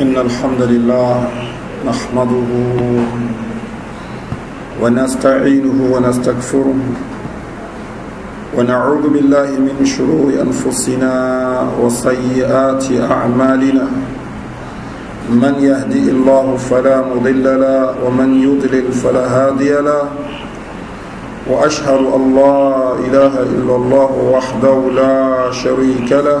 إن الحمد لله نحمده ونستعينه ونستغفره ونعوذ بالله من شرور أنفسنا وسيئات أعمالنا من يهدي الله فلا مضل له ومن يضلل فلا هادي له وأشهد أن لا إله إلا الله وحده لا شريك له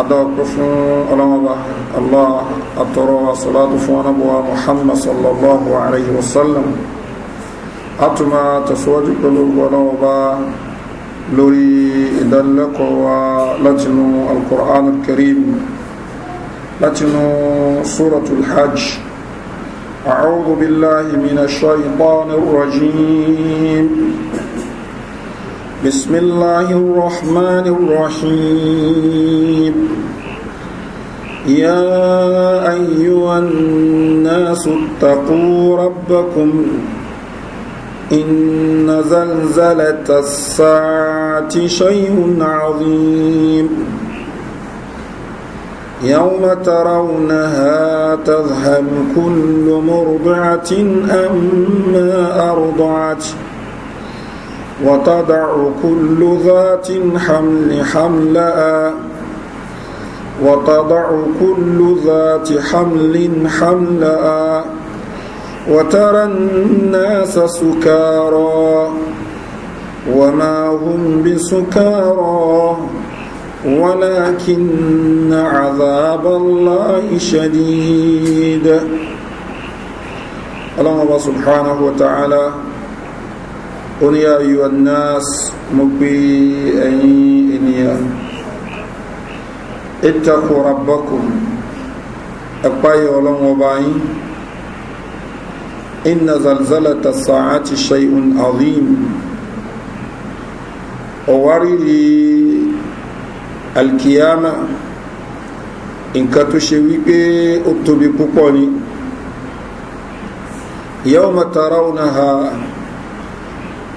adọ́pẹ́ fún ọlọ́mọba allah atọ́rọ asọ́látù fún ọlọ́mọba muhammad sallallahu alayhi wa sallam atuma tẹ̀síwájú pẹ̀lú ọlọ́mọba lórí ìdánilẹ́kọ̀ọ́ wa látinú alkur'an karim látinú suratul hajj أعوذ بالله من الشيطان الرجيم بسم الله الرحمن الرحيم يا أيها الناس اتقوا ربكم إن زلزلة الساعة شيء عظيم يوم ترونها تذهب كل مرضعة أما أرضعت وتضع كل ذات حمل حملها وتضع كل ذات حمل حملها وترى الناس سكارى وما هم بسكارى ولكن عذاب الله شديد الله سبحانه وتعالى oníyà yíwa nas mo gbé ẹ̀yin ènìyàn ìtàkù rabbakum ẹ̀páyé ọlọ́wọ́ báyìí inna zalzalata sa'ati shay'un azim ọ̀wárìrì alkiyama nǹkan tó ṣe wípé ó tóbi púpọ̀ ni yawma tarawnaha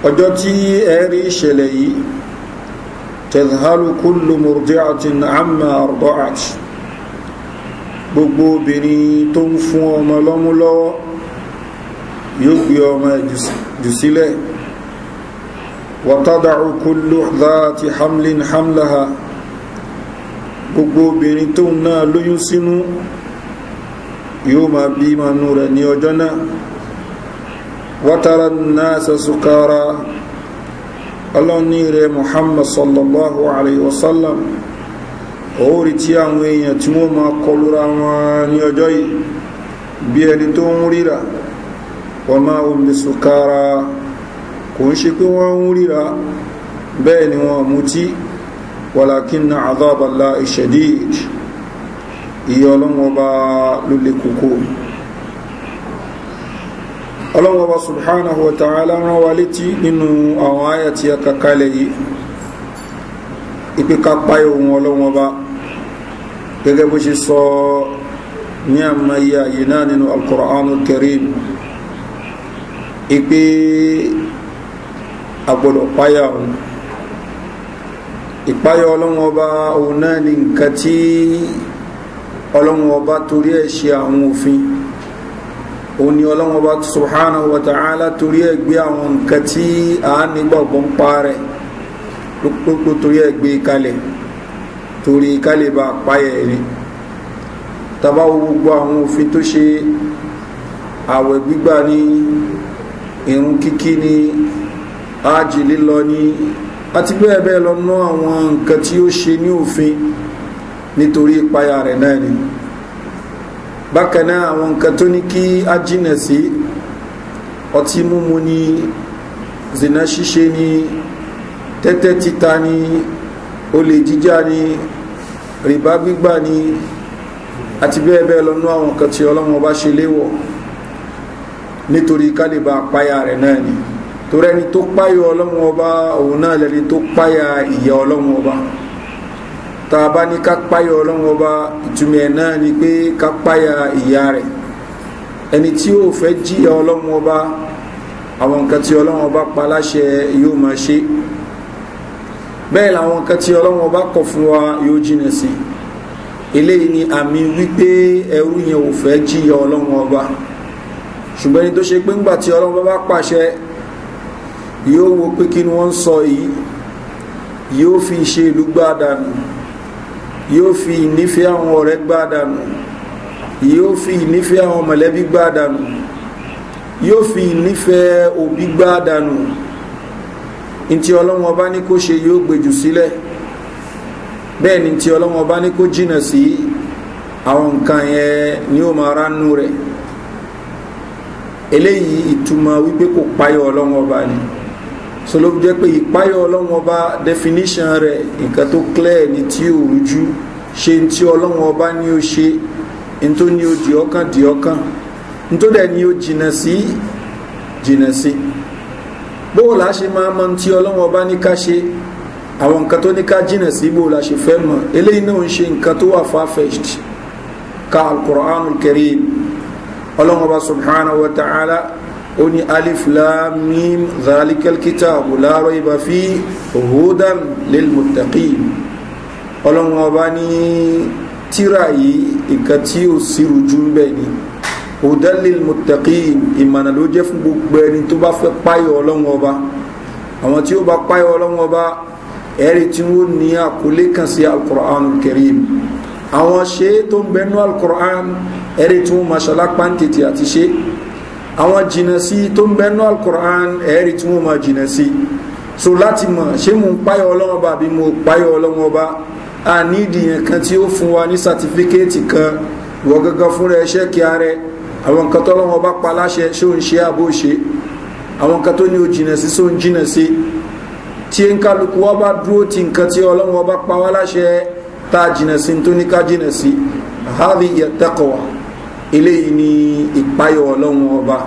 ọjọ́ tí ẹ rí ìṣẹ̀lẹ̀ yìí tẹ̀dhálù kúlù murdiatin amma ardoat gbogbo obìnrin tó ń fún ọmọ lọ́mú lọ́wọ́ yóò gbé ọmọ jù sílẹ̀ wàtádàrú kúlù dáàtì hamlin hamlaha gbogbo obìnrin tó ń náà lóyún sínú yóò máa bí manú rẹ̀ ní ọjọ́ náà wọ́tara náà sukara ọlọ́ni rẹ̀ muhammad sallallahu alayhi wa sallam orí tí àwọn èèyàn tí wọ́n ma kọlura wọn ní ọjọ́ yìí bí ẹni tó ń ríra wọ́n máa ń bí sukara kò ń ṣe pé wọ́n ń ríra bẹ́ẹ̀ ni wọ́n mutí wàlákín na àzábàlá ìṣẹ̀díd ìyọ́lọ́wọ́ bá lólè kòkó ọlọ́wọ́ wa subhanahu wa ta'ala rán wa létí nínú àwọn àyà tí a kàkalẹ̀ yìí ìpíka páyà ohun ọlọ́wọ́ ba gẹ́gẹ́ bó ṣe sọ ní àmàyà yìí náà nínú alkùránù kẹrin ìpé agbọ́dọ̀ páyà ohun ìpáyà ọlọ́wọ́ ba ohun náà ni nǹkan tí ọlọ́wọ́ ba torí ẹ̀ ṣe àwọn òfin òun ni ọlọ́wọ́n bá subhanahu wa ta'ala torí ẹ̀ gbé àwọn nǹkan tí a nígbàgbọ́ ń pa rẹ̀ lópòpò torí ẹ̀ gbé kalẹ̀ torí kalẹ̀ bá páyẹ̀ rí tàbá gbogbo àwọn òfin tó ṣe àwẹ̀ gbígbà ní irun kíkí ní ájì lílọ ní àti bẹ́ẹ̀ bẹ́ẹ̀ lọ ná àwọn nǹkan tí ó ṣe ní òfin nítorí ìpayà rẹ̀ náà ni bákan náà àwọn nǹkan tó ní kí á jìnà sí ọtí múmu ni zina ṣíṣe ni tẹ́tẹ́ títa ni olè jíjà ni rìbá gbígbà ni àti bẹ́ẹ̀ bẹ́ẹ̀ lọ́nú àwọn nǹkan tí ọlọ́run ọba ṣe léwọ̀ nítorí ká lè ba páyà rẹ̀ náà ni torí ẹni tó páyà ọlọ́run ọba òun náà lẹ́ni tó páyà ìyà ọlọ́run ọba tá a bá ní ká páyà ọlọ́run ọba ìtumọ̀ ẹ̀ náà ni pé ká páyà ìyá rẹ̀ ẹni tí yóò fẹ́ jíyà ọlọ́run ọba àwọn nǹkan tí ọlọ́run ọba pa láṣẹ yóò máa ṣe bẹ́ẹ̀ làwọn nǹkan tí ọlọ́run ọba kọ̀ fún wa yóò jìnà sí eléyìí ni àmì wípé ẹrú yẹn ò fẹ́ jíyà ọlọ́run ọba ṣùgbọ́n ẹni tó ṣe pé ńgbà tí ọlọ́run bá pàṣẹ yóò wo pé kí ni wọ́n ń sọ yìí yóò fi ṣe ìlú gbá dànù yóò fi ìnífẹ́ àwọn ọ̀rẹ́ gbá dànù yóò fi ìnífẹ́ àwọn mọ̀lẹ́bí gbá dànù yóò fi ìnífẹ́ òbí gbá dànù ntí ọlọ́run ọba ní kó ṣe yóò gbèjù sílẹ̀ bẹ́ẹ̀ ni ntí ọlọ́run ọba ní kó jìnà sí àwọn nǹkan yẹn ni ó máa ránú rẹ̀ eléyìí ìtumọ̀ wípé kò páyọ̀ ọlọ́run ọba ni so ló jẹ́ pé ìpáyọ̀ ọlọ́run ọba definition rẹ̀ nǹkan tó clear ni tí ò rújú ṣe ń tí ọlọ́run ọba ní ó ṣe ń tó ní ó di ọkàn di ọkàn ń tó dẹ̀ ní ó jìnà sí jìnà sí bóò la ṣe máa mọ tí ọlọ́run ọba ní ká ṣe àwọn nǹkan tó ní ká jìnà sí bóò la ṣe fẹ́ mọ̀ eléyìí náà ń ṣe nǹkan tó wà far-fetched ka al-Qur'anul Karim ọlọ́run ọba subhanahu wa ta'ala ó ní alif lam mim zalikal kitabu la rayba fi hudan lil muttaqin ọlọ́run ọba ní tíra yìí nǹkan tí ó sì rújú bẹ́ẹ̀ ni hudan lil muttaqin ìmọ̀nà ló jẹ́ fún gbogbo ẹni tó bá fẹ́ páyọ̀ ọlọ́run ọba àwọn tí ó bá páyọ̀ ọlọ́run ọba ẹ̀rí tí wọ́n ní àkólé kan sí alukur'an karim àwọn ṣe tó ń bẹnu alukur'an ẹ̀rí tí wọ́n maṣala pàǹtẹ̀tẹ̀ àti àwọn jìnà sí tó ń bẹnu alukur'an ẹ̀rí tí wọ́n máa jìnà sí so láti mọ̀ ṣé mo ń páyọ̀ ọlọ́wọ́n bá àbí mo páyọ̀ ọlọ́wọ́n bá a ní ìdìyàn kan tí ó fún wa ní sàtífíkẹ́ẹ̀tì kan wọ́n gángan fúnra ẹṣẹ́ kí ara ẹ àwọn nǹkan tó lọ́wọ́ bá pa láṣẹ ṣé ò ń ṣe àbó ṣe àwọn nǹkan tó ní o jìnà sí ṣó ń jìnà sí tí ń kálukú wọ́n bá dúró ti nǹkan tí ọlọ́wọ́ bá pa wá láṣẹ tá a jìnà sí ní ká jìnà sí àhárí ìyẹ̀tẹ́kọ̀wá eléyìí ni ìpayọ̀ ọlọ́run ọba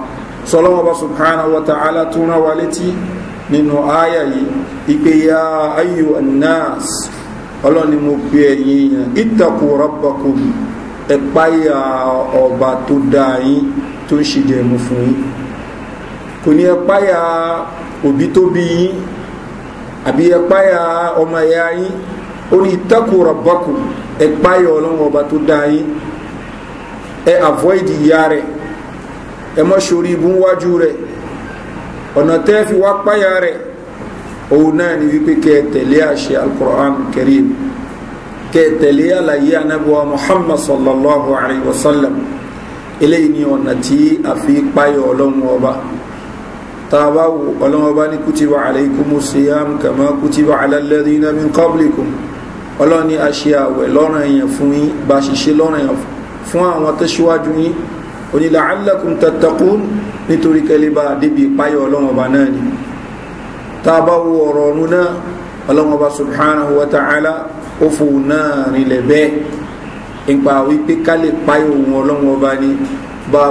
sọlọ́run ọba subhanahu wa ta'ala tún rán wa létí nínú àyà yìí ìpè ya ayu anas ọlọ́run ni mo pe ẹ̀yin èèyàn ìtàkùn rọ́bàkùn ẹ̀páyà ọba tó dáa yín tó ń ṣe jẹ̀mú fún yín kò ní ẹ̀páyà òbí tó bí yín àbí ẹ̀páyà ọmọ ẹ̀yà yín ó ní ìtàkùn rọ́bàkùn ẹ̀páyà ọlọ́run ọba tó dáa yín ẹ avoid ìyá rẹ̀ ẹ mọ́ sórí ibú wájú rẹ̀ ọ̀nà tẹ́ fi wá páyà rẹ̀ òun náà ni wípé kẹ́ tẹ̀lé àṣẹ alkùrán karim kẹ́ tẹ̀lé àlàyé anábíwá muhammad sallallahu alayhi wa sallam eléyìí ni ọ̀nà tí a fi páyà ọlọ́run ọba tàbá wo ọlọ́run ọba ní kútìbà alaykumu siyam kama kútìbà ala alladhina min qablikum ọlọ́run ni a ṣe àwẹ̀ lọ́rọ̀ èèyàn fún yín bá ṣiṣẹ́ lọ́rọ̀ èèyàn fún fún àwọn tó ṣíwájú yín onílà alákùn tàtàkùn nítorí kẹlẹ́bà débi ìpáyọ̀ ọlọ́run ọba náà ni tá a bá wo ọ̀rọ̀ ọ̀run náà ọlọ́run ọba subhanahu wa ta'ala ó fòun náà rinlẹ̀ bẹ́ẹ̀ nípa wípé ká páyọ̀ ohun ọlọ́run ni bá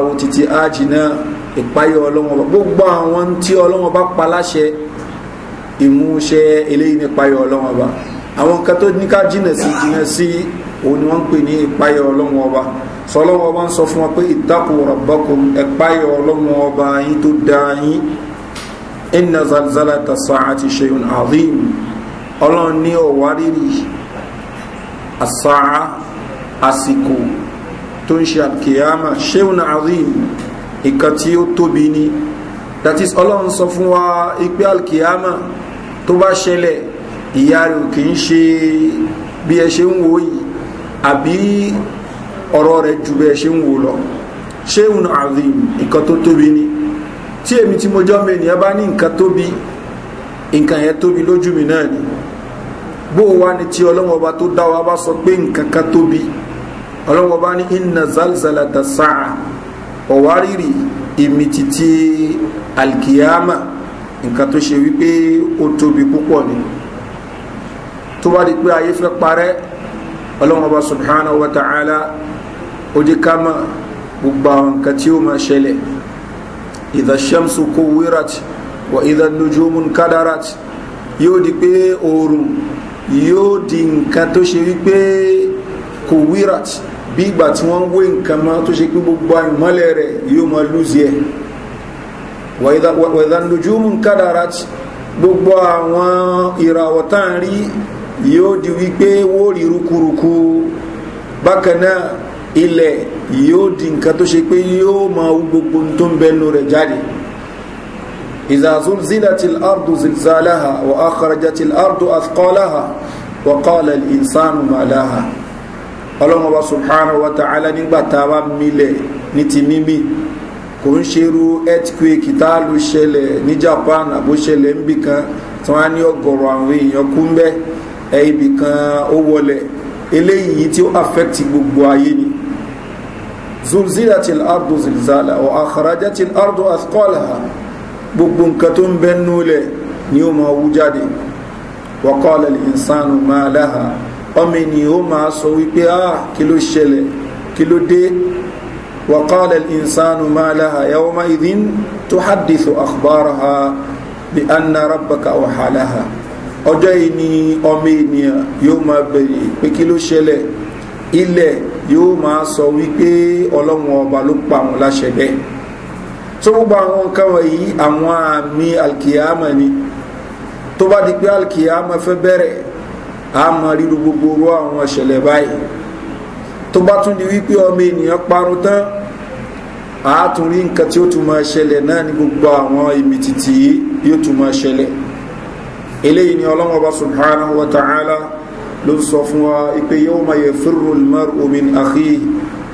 òun ni wọ́n ń pè ní ìpáyọ̀ ọlọ́run ọba sọlọ́wọ́ ọba ń sọ fún wọn pé ìtàkùn rabbakum ẹ̀páyọ̀ ọlọ́run ọba yín tó da yín inna zalzalata sa'ati shay'un azim ọlọ́run ní ọ̀wárìrì àsáà àsìkò tó ń ṣe àkèyàmà shay'un azim ìkà tí ó tóbi ni that is ọlọ́run sọ fún wa ìpè àkèyàmà tó bá ṣẹlẹ̀ ìyá rẹ̀ kì í ṣe bí ẹ ṣe ń wò àbí ọ̀rọ̀ rẹ̀ jù bẹ́ẹ̀ ṣe ń wò lọ ṣéun azim nǹkan tó tóbi ni tí èmi tí mo jọ́ mi ènìyàn bá ní nǹkan tóbi nǹkan yẹn tóbi lójú mi náà ni bó wa ni tí ọlọ́wọ́ bá tó dá wa bá sọ pé nǹkan kan tóbi ọlọ́wọ́ bá ní inna zalzala ta sáà ọ̀wárìrì ìmìtìtì alkiyama nǹkan tó ṣe wípé ó tóbi púpọ̀ ni tó bá di pé ayé fẹ́ parẹ́ ọlọ́run ọba subhanahu wa ta'ala ó di ká mọ̀ gbogbo àwọn nǹkan tí ó máa ṣẹlẹ̀ idha shamsu kuwirat wa idha nujumu kadarat yóò di pé oòrùn yóò di nǹkan tó ṣe wípé kuwirat bí ìgbà tí wọ́n ń wé nǹkan mọ́ tó ṣe gbogbo ìmọ́lẹ̀ rẹ̀ yóò máa lùzì ẹ̀ wa idha nujumu kadarat gbogbo àwọn ìràwọ̀ tá à yóò di wípé wó rí rukuruku bákan náà ilẹ̀ yóò di nǹkan tó ṣe pé yóò máa wú gbogbo tó ń bẹnu rẹ̀ jáde ìzàzún zilatil ardu zilzalaha wa akharajatil ardu athqalaha wa qala insanu malaha ọlọ́run ọba subhanahu wa ta'ala nígbà tá a bá milẹ̀ ní ti mímí kò ń ṣerú earthquake tá a lu ṣẹlẹ̀ ní japan àbó ń bì tí wọ́n á ní ọgọ̀rọ̀ àwọn èèyàn kú ń bẹ́ẹ̀ ibì kan ó wọlẹ̀ eléyìí tí ó affect gbogbo ayé ni zulzilatil ardu zilzala wa akhrajatil ardu athqalaha gbogbo nǹkan tó ń bẹnu lẹ̀ ni ó máa wú jáde wa qala al insanu ma laha ọmọ ènìyàn ó máa sọ wípé ah kí ló ṣẹlẹ̀ kí ló dé wa qala al insanu ma laha yawma idhin tuhaddithu akhbaraha bi anna rabbaka awhalaha ọjọ́ yìí ni ọmọ ènìyàn yóò máa bèrè pé kí ló ṣẹlẹ̀ ilẹ̀ yóò máa sọ wípé ọlọ́run ọba ló pa àwọn láṣẹ bẹ́ẹ̀ tó gbogbo àwọn nǹkan wọ̀nyí àwọn àmì alkiyama ni tó bá di pé alkiyama fẹ́ bẹ̀rẹ̀ a máa ríru gbogbo orú àwọn ìṣẹ̀lẹ̀ báyìí tó bá tún di wípé ọmọ ènìyàn parun tán a tún rí nǹkan tí ó tún máa ṣẹlẹ̀ náà ní gbogbo àwọn ìmìtìtì yóò tún máa ṣẹlẹ̀ eléyìí ni ọlọ́wọ́ bá subhanahu wa ta'ala ló sọ fún wa ipe yawma yafirru al-mar'u min akhihi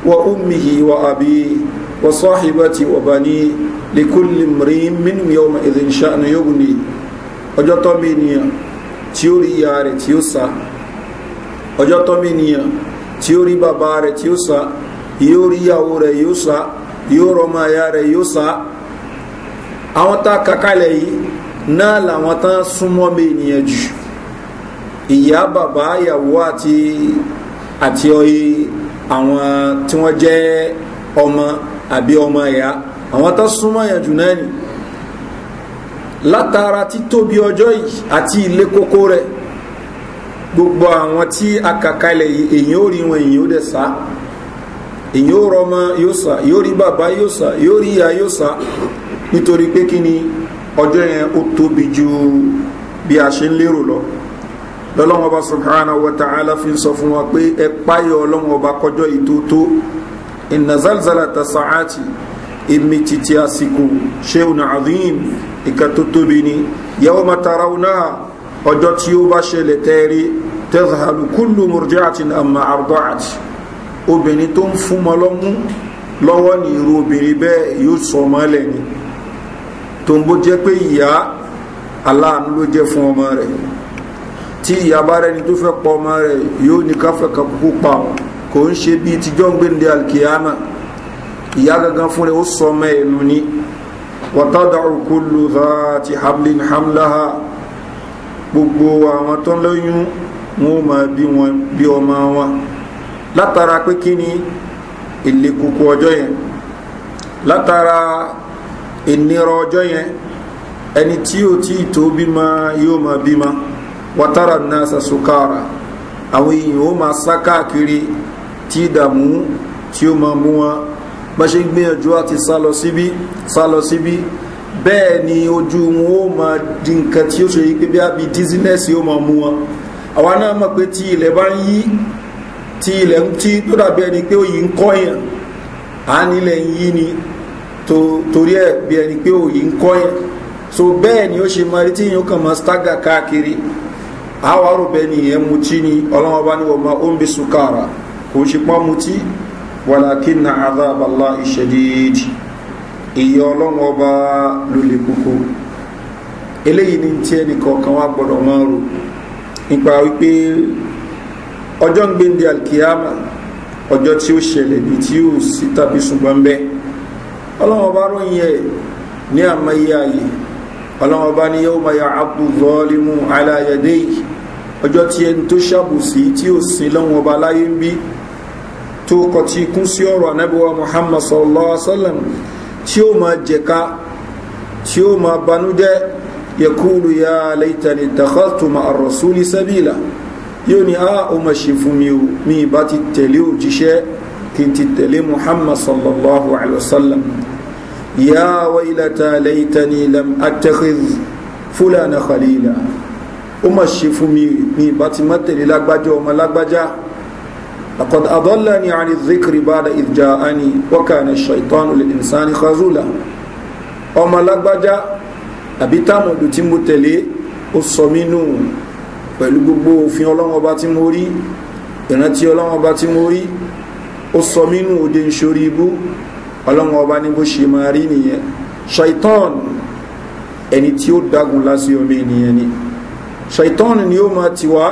wa ummihi wa abihi wa sahibati wa banihi li kulli imri'in minhum yawma idhin sha'nu yughni ọjọ́ tọ́mí ènìyàn tí ó rí ìyá rẹ̀ tí ó sá ọjọ́ tọ́mí ènìyàn tí ó rí bàbá rẹ̀ tí ó sá yóò rí ìyàwó rẹ̀ yóò sá yóò rọmọ ìyá rẹ̀ yóò sá àwọn tá a kàkálẹ̀ yìí náà làwọn tán súnmọ́ mi ènìyàn jù ìyá bàbá ìyàwó àti àti ọyẹ àwọn tí wọ́n jẹ́ ọmọ àbí ọmọ ìyá àwọn tán súnmọ́ yẹn jù náà ni látara títóbi ọjọ́ yìí àti ilé kókó rẹ̀ gbogbo àwọn tí a kàkalẹ̀ yìí èyàn ò rí wọn èyàn ò dẹ̀ sá èyàn ò rọmọ yóò sá yóò rí bàbá yóò sá yóò rí ìyá yóò sá nítorí pé kí ni ọjọ́ yẹn ó tóbi ju bí a ṣe ń lérò lọ lọ́lọ́wọ́n ọba subhanahu wa ta'ala fi ń sọ fún wa pé ẹ páyọ ọlọ́wọ́n ọba kọjọ́ ìtótó ìnà zalzala ta sa'ati èmi títí àsìkò ṣéun azim ìka tó tóbi ni yawma tarawna ọjọ́ tí ó bá ṣẹlẹ̀ tẹ́rí tazhalu kullu murji'atin amma arda'at obìnrin tó ń fún mọ́ lọ́wọ́ ní irú obìnrin bẹ́ẹ̀ yóò sọ mọ́lẹ̀ ni tó ń bó jẹ́ pé ìyá aláàánú ló jẹ́ fún ọmọ rẹ̀ tí ìyá bá rẹni tó fẹ́ pọ ọmọ rẹ̀ yóò ní káfẹ́ kan kúkú pa kò ń ṣe bíi tíjọ́ ń gbéǹde alkiyama ìyá gangan fún rẹ̀ ó sọ ọmọ ẹ̀ nù ní wàtádàrú kullu dhati hamlin hamlaha gbogbo àwọn tó ń lóyún wọn ò máa bí wọn bí ọmọ wọn látara pé kí ni èlé kókó ọjọ́ yẹn látara ìnira ọjọ́ yẹn ẹni tí ó tí tó bímọ yóò máa bímọ wàtàrà náà sàṣùkàrà àwọn èèyàn ó máa sá káàkiri tí ìdààmú tí ó máa mú wọn bá ṣe ń gbìyànjú àti sá lọ síbí sá lọ síbí bẹ́ẹ̀ ni ojú wọn ó máa di nǹkan tí ó ṣe yí pé bí ábí dísínẹ́sì ó máa mú wọn àwa náà mọ̀ pé tí ilẹ̀ bá ń yí tí ilẹ̀ ń tí tó dàbí ẹni pé ó yí ń kọ́yàn á nílẹ̀ ń yí ni torí ẹ̀ bí ẹni pé òyì ń kọ́ yẹn so bẹ́ẹ̀ ni ó ṣe máa rí tí yìnyín kan máa staga káàkiri àwọn ni ọlọ́wọ́n bá ní wọ́n máa ó bí sukara kò ṣe pọ́n mutí wàlákì na àdábàlá ìṣẹ̀dídì ìyẹ́ ọlọ́wọ́n ọba lólè kókó eléyìí ni wá gbọ́dọ̀ máa rò nípa wípé ọjọ́ ń gbé ọjọ́ tí ó ṣẹlẹ̀ ní ọlọ́wọ́n bá ròyìn ẹ̀ ní àmọ́yé ayé ọlọ́wọ́n bá ní yóò máa àbú zọ́ọ́límù aláyẹ̀dẹ́ yìí ọjọ́ tí ẹni tó ṣàbùsí tí ó sin lọ́wọ́n bá láyé ń bí tó kọ tí kún sí ọ̀rọ̀ anábíwá muhammad sallallahu alaihi wa sallam tí ó máa jẹ̀ka tí ó máa banújẹ́ yẹkúlù ya leitani dakhaltuma arrasuli sabila yóò ní a ah, ó máa ṣe fún mi ò mi ìbá ti tẹ̀lé òjíṣẹ́ kí n ti tẹ̀lé muhammad sallallahu alayhi wa sallam ya waylata laytani lam attakhidh fulana khalila ó mà ṣe fún mi ní ìbá ti má tẹ̀lé lágbájá ọmọ lágbájá لقد أضلني عن الذكر بعد إذ جاءني وكان الشيطان للإنسان خذولا ọmọ lágbájá àbí táwọn ọdún tí mo tẹ̀lé ó sọ mí nù pẹ̀lú gbogbo òfin ọlọ́wọ́n ọba tí mo rí ìrántí ọlọ́wọ́n ọba tí mo rí ó sọ mínú òde ìṣòrí ibú ọlọ́run ọba ní bó ṣe máa rí nìyẹn ṣaitan ẹni tí ó dagun lásì ọmọ ènìyàn ni ṣaitan ni ó máa ti wá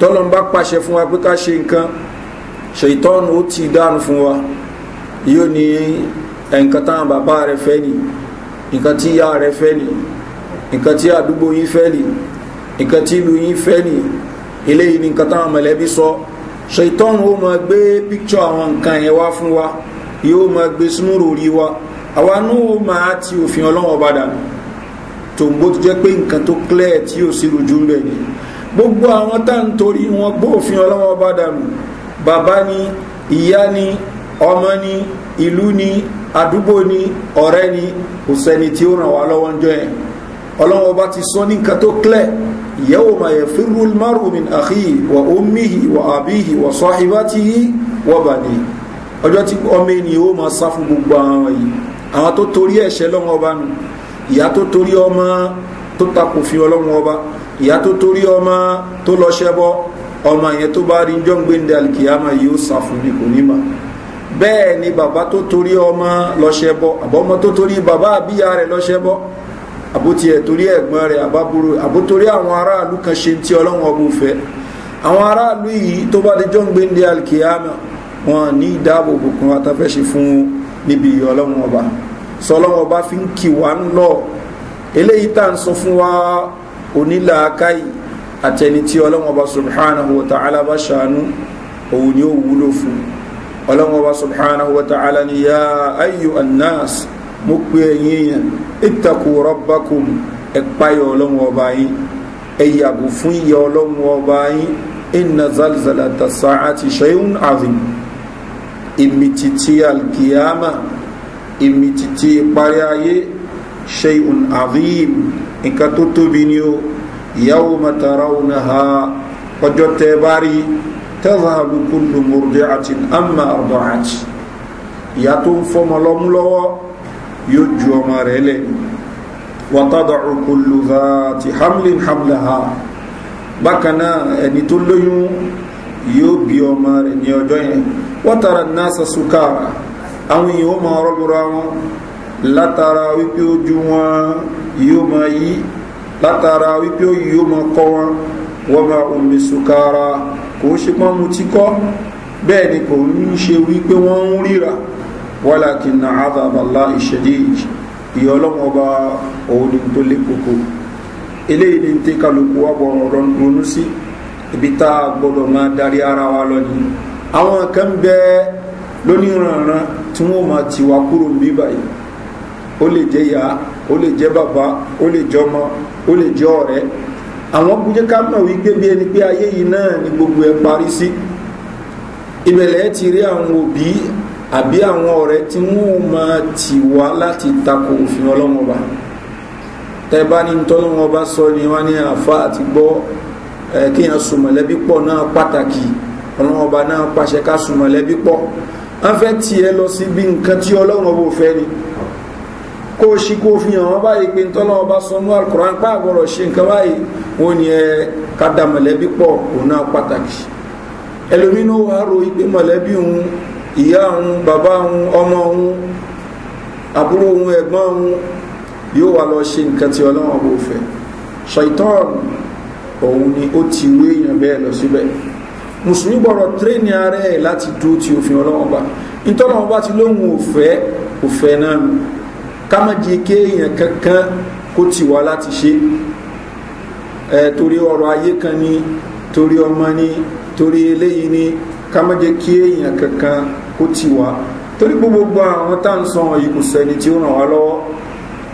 tọ́lọ́n bá pàṣẹ fún wa pé ká ṣe nǹkan ṣaitan ó ti dànù fún wa yóò ní nǹkan táwọn bàbá rẹ fẹ́ ni nǹkan tí ìyá rẹ fẹ́ ni nǹkan tí àdúgbò yín fẹ́ ni nǹkan tí ìlú yín fẹ́ ni eléyìí ni nǹkan táwọn mọ̀lẹ́bí sọ ṣètọ́nù ó máa gbé píkṣọ àwọn nǹkan yẹn wá fún wa yóò máa gbé súnmúrò orí wa àwa náà máa ti òfin ọlọ́wọ́n padà tó ń bó ti jẹ́ pé nǹkan tó clear tí yóò sì rújú ńbẹ̀ ni gbogbo àwọn tá ń torí wọn gbó òfin ọlọ́wọ́n padà nù bàbá ni ìyá ni ọmọ ni ìlú ni àdúgbò ni ọ̀rẹ́ ni kò sẹ́ni tí ó ràn wá lọ́wọ́ ń jọ yẹn ọlọ́wọ́n bá ti sọ ní nǹkan tó clear yawma yafirru al-mar'u min akhihi wa ummihi wa abihi wa sahibatihi wa bani ọjọ́ tí ọmọ ènìyàn ó máa sá fún gbogbo àwọn yìí àwọn tó torí ẹ̀ṣẹ̀ lọ́wọ́ ọba nù ìyá tó torí ọmọ tó takò fi ọlọ́wọ́ ọba ìyá tó torí ọmọ tó lọ ṣẹbọ ọmọ yẹn tó bá rí jọ́ ń gbé alkiyama yìí ó sá fún ní kò ní mà bẹ́ẹ̀ ni bàbá ọmọ lọ ṣẹbọ àbọ̀mọ tó torí bàbá àbíyá rẹ̀ àbótí ẹ̀ torí ẹ̀gbọ́n rẹ̀ àbábúrò àbótorí àwọn aráàlú kan ṣe tí ọlọ́run ọbú fẹ́ àwọn aráàlú yìí tó bá dé jọ́ǹgbé ní alkiyama wọn ní ìdáàbòbò kan atafẹ́ṣe fún níbi ọlọ́run ọba sọlọ́run ọba fi ń kì wá ń lọ eléyìí tá à ń sọ fún wa onílàákàyè àtẹni tí ọlọ́run ọba subhanahu wa ta'ala bá ṣàánú òun ni ó wúlò fún ọlọ́run ọba subhanahu wa ta'ala ni yá ayu annas mo pe ẹ̀yin èèyàn ittaqu rabbakum ẹ páyọ ọlọ́run ọba yín ẹ yàgò fún ìyà ọlọ́run ọba yín inna zalzalata sa'ati shay'un azim ìmìtìtì alkiyama ìmìtìtì ìparí ayé shay'un azim nǹkan tó tóbi ni o yawma tarawnaha ọjọ́ tẹ́ bá rí tadhhabu kullu murdi'atin amma arda'at ìyá tó ń fọmọ lọ́mú lọ́wọ́ yóò ju ọmọ rẹ̀ lẹ̀ wàtàdàrú hamlin hamlaha bákan náà ẹni yóò bí ọmọ rẹ̀ ní ọjọ́ yẹn wọ́tara náà sasuka àwọn èèyàn ó máa rọ́lùra wọn látara wípé ojú wọn yóò ma yí látara wípé òyì wọn omi sukara kò ń ni Walakina adhab allahi shadid ìyà ọba ni tó lé koko eléyìí ni tí kálukú wa gbọ́ sí ibi lọ ni àwọn kan bẹ lóníranran tí wọ́n máa ti wá kúrò bí báyìí ó lè jẹ́ ìyá ó lè jẹ́ bàbá ó lè jẹ́ ọmọ ó lè àwọn ká bí ẹni pé Si ìbẹ̀lẹ̀ ti rí àwọn òbí àbí àwọn ọ̀rẹ́ tí wọ́n máa tì wá láti takò òfin ọlọ́mọba tẹ́bá ní tọ́lọ́mọba sọ ni wọ́n ní àfa àti gbọ́ kéèyàn sùmọ̀lẹ́bí pọ̀ náà pàtàkì ọlọ́mọba náà pàṣẹ ká sùmọ̀lẹ́bí pọ̀ wọ́n fẹ́ tiẹ̀ lọ síbi nǹkan tí ọlọ́mọba ò fẹ́ ni kó o ṣí kó o fi hàn wọ́n báyìí pé tọ́lọ́mọba sọ ní alukoran pàgọ́rọ̀ ṣe nǹkan báyìí wọ́n ní ẹ ká pọ̀ òun náà pàtàkì ẹlòmínú wa ro ìpè mọ̀lẹ́bí òun ìyá òun bàbá òun ọmọ òun àbúrò òun ẹ̀gbọ́n òun yóò wá lọ ṣe nǹkan tí ọlọ́wọ́n bò fẹ́ ṣàìtọ́ọ̀nù òun ni ó ti wé èèyàn bẹ́ẹ̀ lọ síbẹ̀ mùsùlùmí gbọ́dọ̀ tírẹ́nì ara ẹ̀ láti dúró ti òfin ọlọ́wọ́n bá ìtọ́lọ́wọ́n bá ti lóhun òfẹ́ òfẹ́ náà nù ká má di ké èèyàn kankan kó ti wá láti ṣe torí ọrọ̀ ayé kan ni torí ọmọ ni torí eléyìí ni ká má jẹ́ kí èèyàn kankan kó tì wá torí gbogbo àwọn tá à ń sọ yìí kò sẹ́ni tí ó ràn wá lọ́wọ́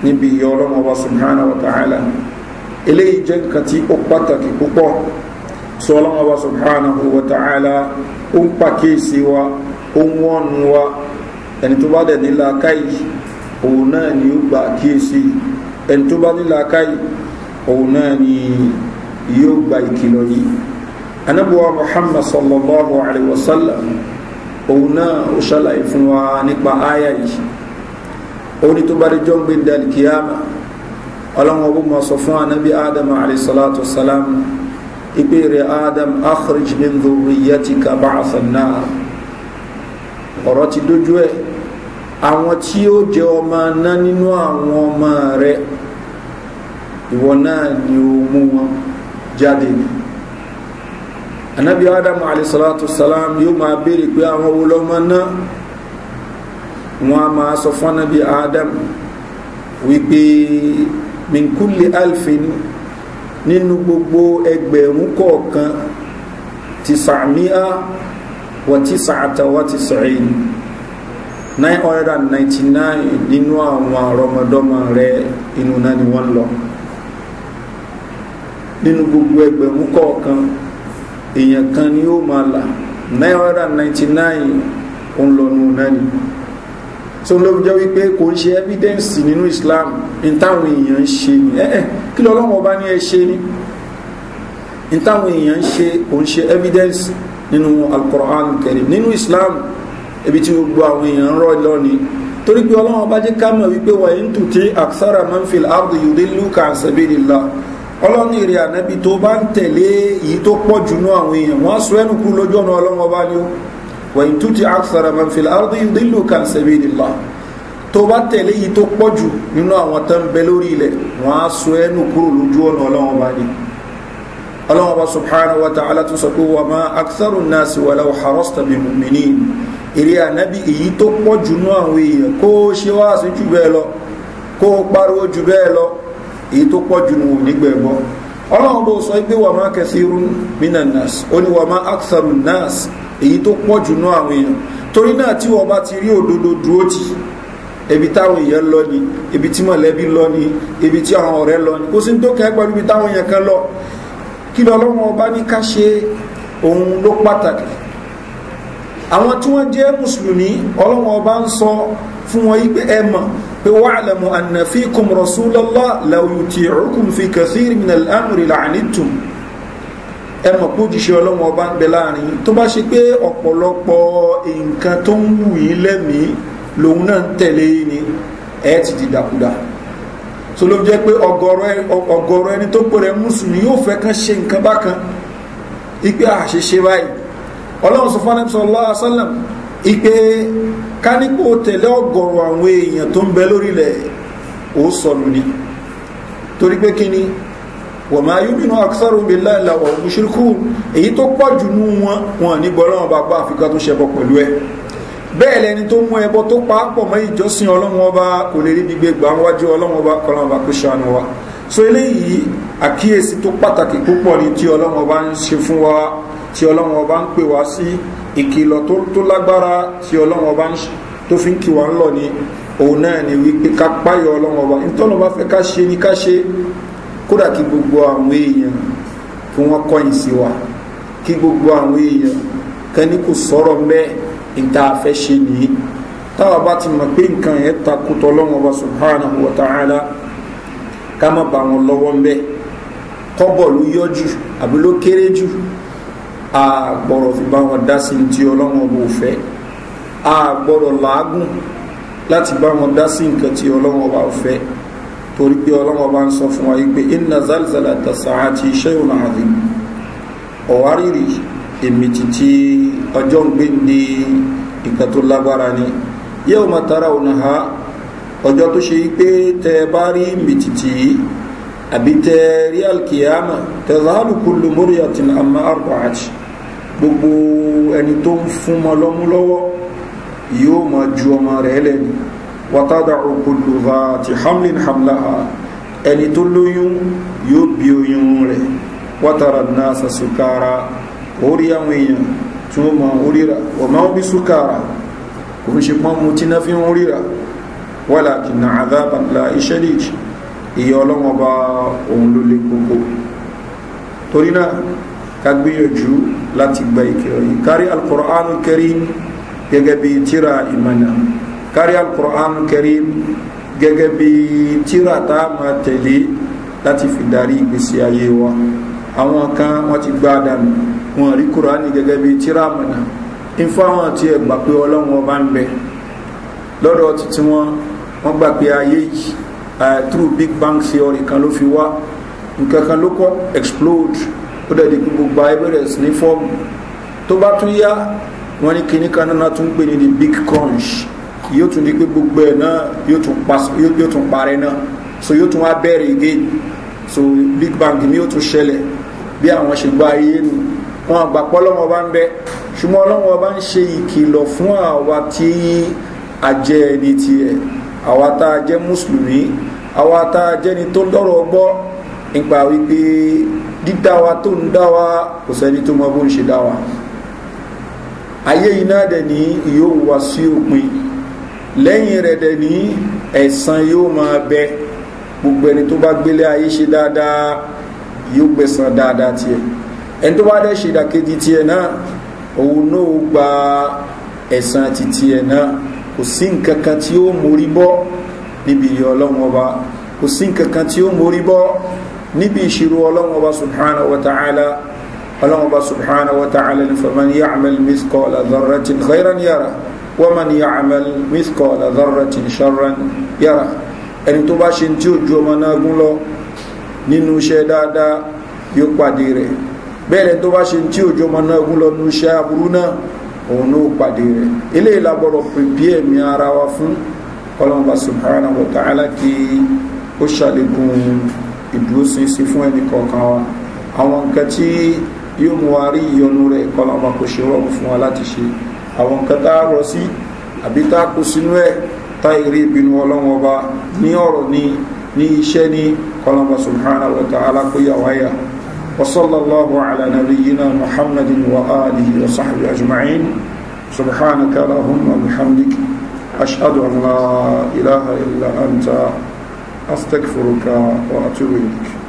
níbi ìyọ ọlọ́run ọba subhanahu wa ta'ala eléyìí jẹ́ nǹkan tí ó pàtàkì púpọ̀ sọ ọlọ́run ọba subhanahu wa ta'ala ó ń pàkíyèsí wa ó ń wọ́nu wa ẹni tó bá dẹ̀ ní làákàyè òun náà ni ó gba àkíyèsí ẹni tó bá ní làákàyè òun náà ni yóò gba ìkìlọ̀ yìí anabuwa muhammad sallallahu alaihi wasallam òun náà ó ṣàlàyé fún wa nípa àyà yìí òun ni tó bá rí jọ́ gbé dàlí kíyàmà ọlọ́run ọgbọ́n ma sọ fún anabi adam alayhi salatu wasalam ipe rẹ̀ adam akhrij min dhurriyyatika ba'than nar ọ̀rọ̀ ti dójú ẹ̀ àwọn tí ó jẹ́ ọmọ náà nínú àwọn ọmọ rẹ̀ ìwọ náà ni ó mú wọn jáde ni anabi adamu alayhisalatu salam yóò máa béèrè pé àwọn wo lọ́mọ náà wọn a máa sọ fún anabi adamu wípé minkuli alfin nínú gbogbo ẹgbẹ̀rún kọ̀ọ̀kan ti sàmíà wà ti sàtà wà ti sàìn 999 nínú àwọn àrọmọdọ́mọ rẹ inú náà ni wọ́n lọ nínú gbogbo ẹgbẹ̀rún kọ̀ọ̀kan èèyàn kan ni ó máa là nine hundred and ninety nine òun lọ́nu náà ni so ló jẹ́ wípé kò ń ṣe evidence nínú Islam in táwọn èèyàn ń ṣe ni ẹ̀ẹ́ kí lọ́lọ́wọ́ bá ní ẹ ṣe ni in táwọn èèyàn ń ṣe kò ń ṣe evidence nínú Al-Qur'an nínú Islam ibi tí gbogbo àwọn èèyàn ń rọ́ lọ́ni torí pé ọlọ́wọ́ bá jẹ́ ká mọ̀ wípé wà ń tù tí aksara man fil ardi yudilluka ọlọ́run ìrìn ànábì tó bá ń tẹ̀lé èyí tó pọ̀ jùnú àwọn èèyàn wọ́n sọ ẹnu kú lójú ọ̀nà ọlọ́run ọba ni ó wẹ̀yìn tó ti àkùsàrà máa fi láàrúdí nílò kan sẹ́bí nìlá tó bá tẹ̀lé èyí tó pọ̀ jù nínú àwọn tó ń bẹ lórí ilẹ̀ wọ́n sọ ẹnu kúrò lójú ọ̀nà ọlọ́run ọba ni ọlọ́run ọba subhanahu wa ta'ala tó sọ pé wà máa àkùsàrù náà sì wà láwù harọ́sítà bí mùmìnì ìrìn èyí tó pọ̀ jù nù nígbẹ̀gbọ́ ọlọ́run bó sọ pé wàmá kẹsìrú minan nas ó ní wàmá aksarun nas èyí tó pọ̀ jù nù àwọn èèyàn torí náà tí wọ́n bá ti rí òdodo dúró tì ibi táwọn èèyàn lọ ni ibi tí mọ̀lẹ́bí lọ ni ibi tí àwọn ọ̀rẹ́ lọ ni kò sí tó kẹ́ pẹ̀lú ibi táwọn èèyàn kan lọ kí lọ lọ́wọ́ ọba ní ká ṣe òun ló pàtàkì àwọn tí wọ́n jẹ́ mùsùlùmí ọlọ́wọ́ ọba ń sọ fún wọn yí pé ẹ mọ̀ pé wa'lamu anna fikum rasulallah law yuti'ukum fi kathir min al-amri la'anittum ẹ mọ̀ pé òjìṣẹ́ ọlọ́wọ́n ọba ń bẹ láàrin tó bá ṣe pé ọ̀pọ̀lọpọ̀ nǹkan tó ń wù yín lẹ́mìí lòun náà ń tẹ̀lé yín ni ẹ ti di dàkúdà so ló jẹ́ pé ọ̀gọ̀rọ̀ ẹni tó pè mùsùlùmí yóò fẹ́ kán ṣe nǹkan bákan ipe àṣeṣe báyìí ọlọ́run sọ fún ẹ̀ sọ́lá ipe ká nípò tẹ̀lé ọ̀gọ̀rọ̀ àwọn èèyàn tó ń bẹ lórílẹ̀ ó sọnù ni torí pé kí ni wọ̀n máa yóò bínú akṣọ́rọ̀ mi láìla ọ̀hún ṣírkú èyí tó pọ̀ jù nú wọn wọn ní gbọ́lọ́wọ́n bá pa àfikà tó ṣẹbọ pẹ̀lú ẹ bẹ́ẹ̀ lẹni tó mú ẹbọ tó paápọ̀ mọ́ ìjọsìn ọlọ́wọ́n ọba kò lè rí gbígbé gbà wájú ọlọ́wọ́n ọba kọlọ́wọ́n ọba kó ṣàánú wa so eléyìí àkíyèsí tó pàtàkì púpọ̀ ni tí ọlọ́wọ́n ọba ń ṣe fún wa tí ọlọ́wọ́n ọba ń pè wá sí ìkìlọ̀ tó lágbára tí ọlọ́wọ́n ń tó fi ń kì ń lọ ni òun náà ni wípé ká páyọ ọlọ́wọ́n bá ìtọ́nà fẹ́ ká ṣe ni ká ṣe kódà kí gbogbo àwọn èèyàn kí wọ́n kọ́yìn sí wa kí gbogbo àwọn èèyàn kan kò sọ̀rọ̀ mẹ́ ìta fẹ́ ṣe nìyí táwa bá ti mọ̀ pé nǹkan yẹn takùtọ̀ ọlọ́wọ́n wa a gbọ́dọ̀ fi bá wọn dá sí ti ọlọ́wọ́n bò fẹ́ a gbọ́dọ̀ làágùn láti bá wọn dá sí nǹkan tí ọlọ́wọ́n bá fẹ́ torí pé ọlọ́wọ́n bá ń sọ fún wa yìí pé iná zálzàlà tàṣàá ti iṣẹ́ ìrùn àdìm ọ̀wárìrì èmi títí ọjọ́ ń gbé ni yóò máa tara òun ha ọjọ́ tó ṣe pé tẹ bá rí àbí tẹ rí tẹ záàlù kúlù mórí àti àmà gbogbo ẹni tó ń fún mọ lọ́mú lọ́wọ́ yóò máa ju ọmọ rẹ̀ lẹ́nu wàtádà òkúlùfà ti hamlin hamlaha ẹni tó lóyún yóò bí oyún rẹ̀ wátara náà sàṣùkára orí àwọn èèyàn tí wọ́n máa oríra wọ́n máa bí kò ń ṣe pọ́n mu tí náà fi ń oríra wọ́lá kì náà àdábàlá iṣẹ́ lè torí náà kagbìyànjú láti gba ìkìlọ̀ yìí kárí al-Qur'an al-Karim gẹ́gẹ́ bí tíra ìmọ̀nà kárí al-Qur'an al-Karim gẹ́gẹ́ bí tíra tá a máa tẹ̀lé láti fi darí ìgbésí ayé wa àwọn kan wọ́n ti gbá dànù wọn rí kùránì gẹ́gẹ́ bí tíra mọ̀nà ìfọ́ àwọn tí ẹ gbà pé ọlọ́run ọba ń bẹ lọ́dọ̀ títí wọn wọ́n gbà pé ayé yìí eh, through big bang theory kan ló fi wá nǹkan kan ló kọ́ explode ó dẹ̀ di gbogbo ayé bẹ̀rẹ̀ sí ní fọ́ọ̀mù tó bá tún yá wọ́n ní kíní kan náà tún pè ní the big crunch yóò tún di pé gbogbo ẹ̀ náà yóò tún parẹ́ náà so yóò tún wá bẹ̀rẹ̀ again so big bang ni yóò tún ṣẹlẹ̀ bí àwọn ṣe gba ayé nu wọn àgbàpọ̀ lọ́wọ́ bá ń bẹ ṣùgbọ́n ọlọ́wọ́ bá ń ṣe ìkìlọ̀ fún àwa tí ajẹ́ ẹni tiẹ̀ àwa tá a jẹ́ mùsùlùmí àwa tá a jẹ́ni tó lọ́rọ̀ gbọ́ nípa wípé dídá wa tó ń dá wa kò sẹ́ni tó mọ bó ń ṣe dá wa ayé iná dẹ̀ ní yóò wá sí òpin lẹ́yìn rẹ̀ dẹ̀ ní ẹ̀san yóò máa bẹ gbogbo ẹni tó bá gbélé ayé ṣe dáadáa yóò gbẹ̀san dáadáa tiẹ̀ ẹni tó bá dẹ̀ ṣe ìdàkejì tiẹ̀ náà òun náà gba ẹ̀san titi ẹ̀ náà kò sí nǹkan kan tí ó mórí bọ́ níbi ìyọ̀ ọlọ́run ọba kò sí nǹkan kan tí ó mórí bọ́ نبي ìṣirò الله سبحانه وتعالى الله سبحانه وتعالى فمن يعمل wa ذرة خيرا يرى ومن يعمل dharratin ذرة شرا يرى man ya'mal mithqala dharratin sharran yara ẹni tó bá ṣe tí ó ju ọmọ náà gún lọ nínú iṣẹ́ dáadáa yóò pàdé rẹ̀ bẹ́ẹ̀rẹ̀ tó bá ṣe tí òjò ọmọ náà gún lọ ní iṣẹ́ aburú náà òun ló pàdé rẹ̀ ilé ìlàbọ̀rọ̀ pèpè ẹ̀mí ara wa fún ọlọ́mọba subhanahu wa ta'ala kí ó ṣàlékún ìdúróṣinṣin fún ẹnì kọ̀ọ̀kan wa àwọn nǹkan tí yóò mú wa rí ìyọnu rẹ̀ kọ́lá ọmọ kò ṣe rọrùn fún wa láti ṣe àwọn nǹkan tá a rọ sí àbí tá a kó sínú ẹ̀ tá ìrí ìbínú ọlọ́wọ́n ọba ní ọ̀rọ̀ ni ní iṣẹ́ ní kọ́lá ọmọ subhanahu wa ta'ala kó yà wáyà وصلى الله على نبينا محمد وآله وصحبه أجمعين سبحانك اللهم وبحمدك أشهد أن لا إله إلا أستغفرك وأتوب إليك